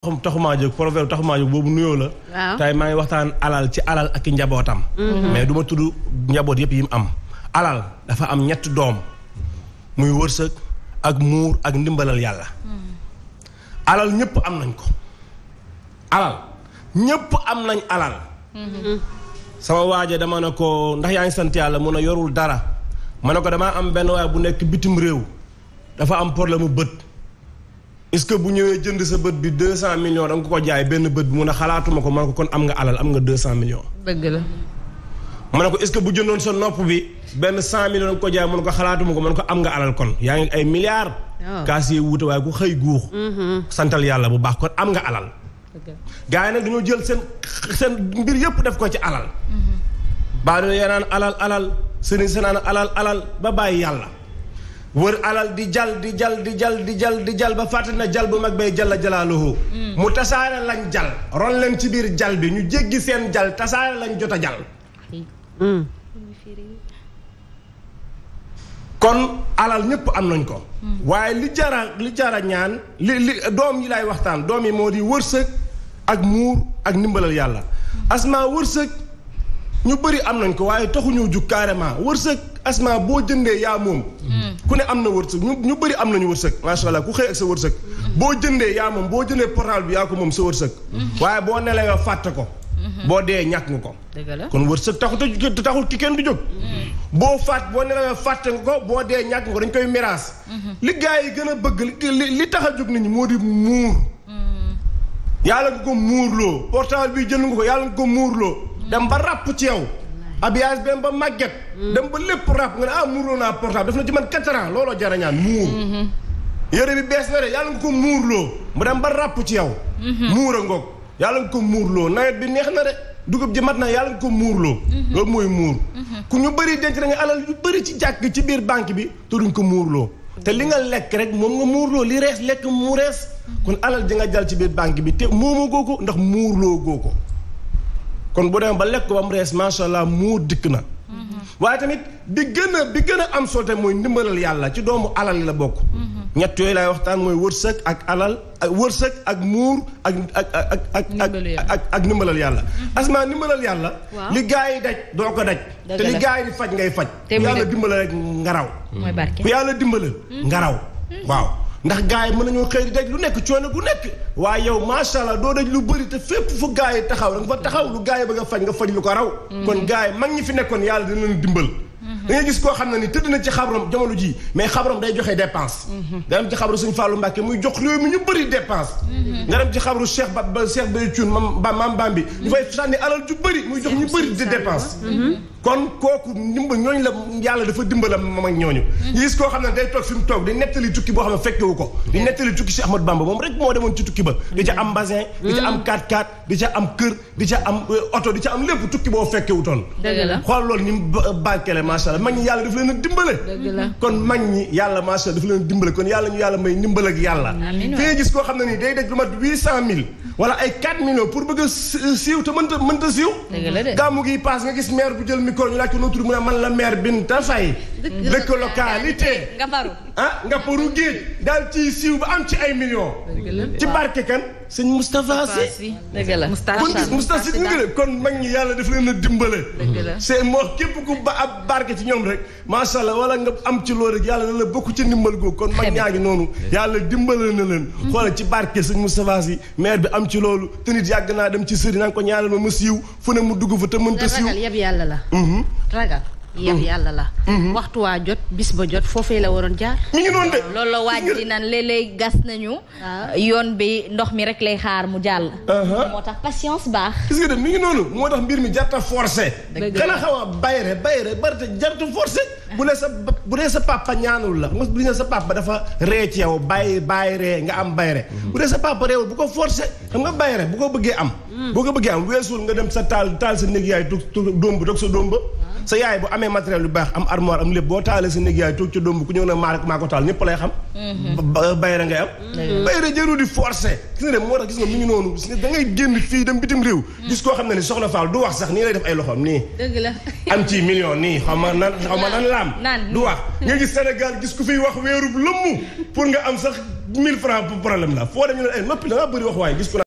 xam taxumaa jóg proverbe taxumaa jóg boobu nuyoo la tey maa ngi waxtaan alal ci alal ak i njabootam mm-hmm. mais du tudd njaboot yëpp yi mu am alal dafa am ñett doom muy wërsëg ak muur ak ndimbalal yàlla mm-hmm. alal ñëpp am nañ ko alal ñépp am nañ alal mm-hmm. sama waaje dama ne ko ndax yaa ngi sant yàlla mun a yorul dara ma ne ko damaa am benn waay bu nekk bitim réew dafa am problème mu bët est-ce que bu ñëwee jënd sa bët bi deux cent millions da ko jaay benn bët bi mu ne xalaatuma ko man ko kon am nga alal am nga deux cent millions. dëgg la. ma ne ko est-ce que bu jëndoon sa nopp bi benn cent millions da nga ko jaay mu ko xalaatuma ko man ko am nga alal kon yaa ngi ay milliards. waaw oh. kaas yee wuute waaye ku xëy guux. Mm-hmm. santal yàlla bu baax kon am nga alal. gaa yi nag dañoo jël seen seen mbir yëpp def ko ci alal. Mm-hmm. baa doon yaa naan alal alal sëriñ sa alal alal ba bàyyi yàlla. wër alal di jal di jal di jal di jal di jal ba fàttali na jal bu mag bay jalla jalaaluhu mm. mu tasaare lañ jàll ron leen ci biir jàll bi ñu jéggi seen jal tasaare lañ jot a jal mm. kon alal ñépp am nañ ko mm. waaye li jara li jara ñaan li li doom yi lay waxtaan doom yi moo di wërsëg ak muur ak ndimbalal yàlla asma wërsëg ñu bëri am nañ ko waaye taxuñu jug carrément wërsëg asma boo jëndee yaa moom. Mm. ku ne am na wërsëg ñu ñu bëri am nañu wërsëg macha allah ku xëy ak sa wërsëg. Mm-hmm. boo jëndee yaa moom boo jëndee portable bi yaa ko moom sa wërsëg. Mm-hmm. waaye boo nelee fàtte ko. boo dee ñàkk nga ko. kon wërsëg taxut taxul ci kenn du jóg. boo fàtt boo nelee nga ko boo dee ñàkk ko dañ koy miraas. Mm-hmm. li yi gën a bëgg li li tax a jóg nañu moo di muur. yàlla nga ko muurloo portable bi jënd nga ko yàlla nga ko muurloo dem ba ràpp ci yow. habillage benn ba màgget. Mm. dem ba lépp ràpp nga a ah muuroo naa portable daf na ci man quatre ans looloo jarañaan muur. Mm-hmm. yére bi bees na de yàlla nga ko muurloo mu dem ba ràpp ci yow. Mm-hmm. muur a ngoog yàlla ko muurloo nawet bi neex na rek dugub ji mat na yàlla nga ko muurloo. Mm-hmm. loolu mooy muur. ku ñu bëri denc nañu alal yu bëri ci jàkk ci biir banque bi te duñ ko muurloo. te li nga lekk rek moom nga muurloo li rees lekk mu rees. kon alal ji nga jal ci biir banque bi te moomoo goo ko ndax muurloo goo ko. kon bu demee ba lekk ko ba mu rees macha allah moo dikk na. waaye tamit bi gën a bi gën a am solo mooy ndimbalal yàlla ci doomu alal yi la bokk. ñetti yooyu lay waxtaan mooy wërsëg ak alal ak wërsëg ak muur ak ak ak ndimbalal yàlla. Mhm. asmaa ndimbalal yàlla. li gaa yi daj doo ko daj. te li yi faj ngay faj. ku yàlla dimbale rek mhm. nga ku yàlla dimbale nga waaw. ndax gars yi mën nañoo xëy di daj lu nekk coono gu nekk waaye yow macha allah doo daj lu bëri te fépp fu gars yi taxaw da nga fa taxaw lu gars yi bëgg a faj nga faj lu ko raw. Mm-hmm. kon gars yi mag ñi fi nekkoon yàlla dina leen dimbal. Mm-hmm. da ngay gis koo xam ne ni tëdd na ci xabram jamono ji mais xabram day joxe dépense. Mm-hmm. nga dem ci xabru Sëñ Fallou Mbacke muy jox réew mi ñu bëri dépense. nga dem ci xabru Cheikh ba Cheikh ba Thioune mam Bambi. ñu fay sànni alal ju bëri muy jox ñu bëri di kon kooku dimba ñooñu la yàlla dafa dimbala moom ak ñooñu ñu mm-hmm. gis koo xam ne tukki boo xam ne fekkewu ko mm-hmm. di nettali tukki si Ahmad Bamba moom rek moo demoon ci tukki ba mm-hmm. di ca am basin euh, nii day daj lu mat huit cent mille wala ay 4 millions pour bëgg siiw te mënta mënta siiw gàmmu gi paas nga gis maire bu jël micro ñu laaj ko noo tudd mu ne man la maire Binta Faye dëkk localité nga faru ah nga faru géej daal ci siiw ba am ci ay millions ci barke kan sëñ Moustapha Sy dëgg la kon gis Moustapha Sy nga kon mag ñi yàlla daf leen a dimbale c'est moo képp ku ba ab barke ci ñoom rek macha allah wala nga am ci loolu rek yàlla na la bokk ci ndimbal googu kon mag ñaa noonu yàlla dimbale na leen mm-hmm. xoolal ci barke sëñ Moustapha Sy maire bi am ci loolu te nit yàgg naa dem ci sëriñ naa ko ñaanal ma mu siiw fu ne mu dugg fa te mënta siiw ragal yëpp yàlla la mm-hmm. ragal yéex mm-hmm. yàlla la. Mm-hmm. waxtu waa jot bis ba jot foofee la waroon jaar. ñu ngi doon de. loolu la waaj di naan léeg-léeg gas nañu. Ah. yoon bi ndox mi rek lay xaar mu jàll. Uh-huh. moo tax patience baax. gis nga de mi ngi noonu moo mbir mi jarta forcé. dëgg la xaw a bayre bayre barte jarta forcé. bu dee sa bu dee sa papa ñaanul la bu dee sa papa dafa ree ci yow bàyyi bàyyi ree nga am bayre mm-hmm. bu dee sa papa réewul bu ko forcé xam nga bayre bu ko bëggee am. Mm. boo ko bëggee am weesul nga dem sa taal taal sa néeg yaay doom ba doog sa doom ba. sa yaay bu amee matériel yu baax am armoire am lépp boo taalee sa néeg yaay toog ca dóom ku ñëw na maa rek maa ko taal ñëpp lay xam bayra ngay am bayra jëru di forcé gis nga dem moo tax gis nga mi ngi noonu nga da ngay génn fii dem bitim mhm. gis koo xam ne ni soxna Fall du wax sax nii lay def ay loxoom nii dëgg la am ci million nii xaw ma nan xaw ma nan laam du wax nga gis Sénégal gis ku fiy wax weerub lëmm pour nga am sax mille francs problème la foo dem ñu ne ay eh, noppi da bëri wax waaye gis ko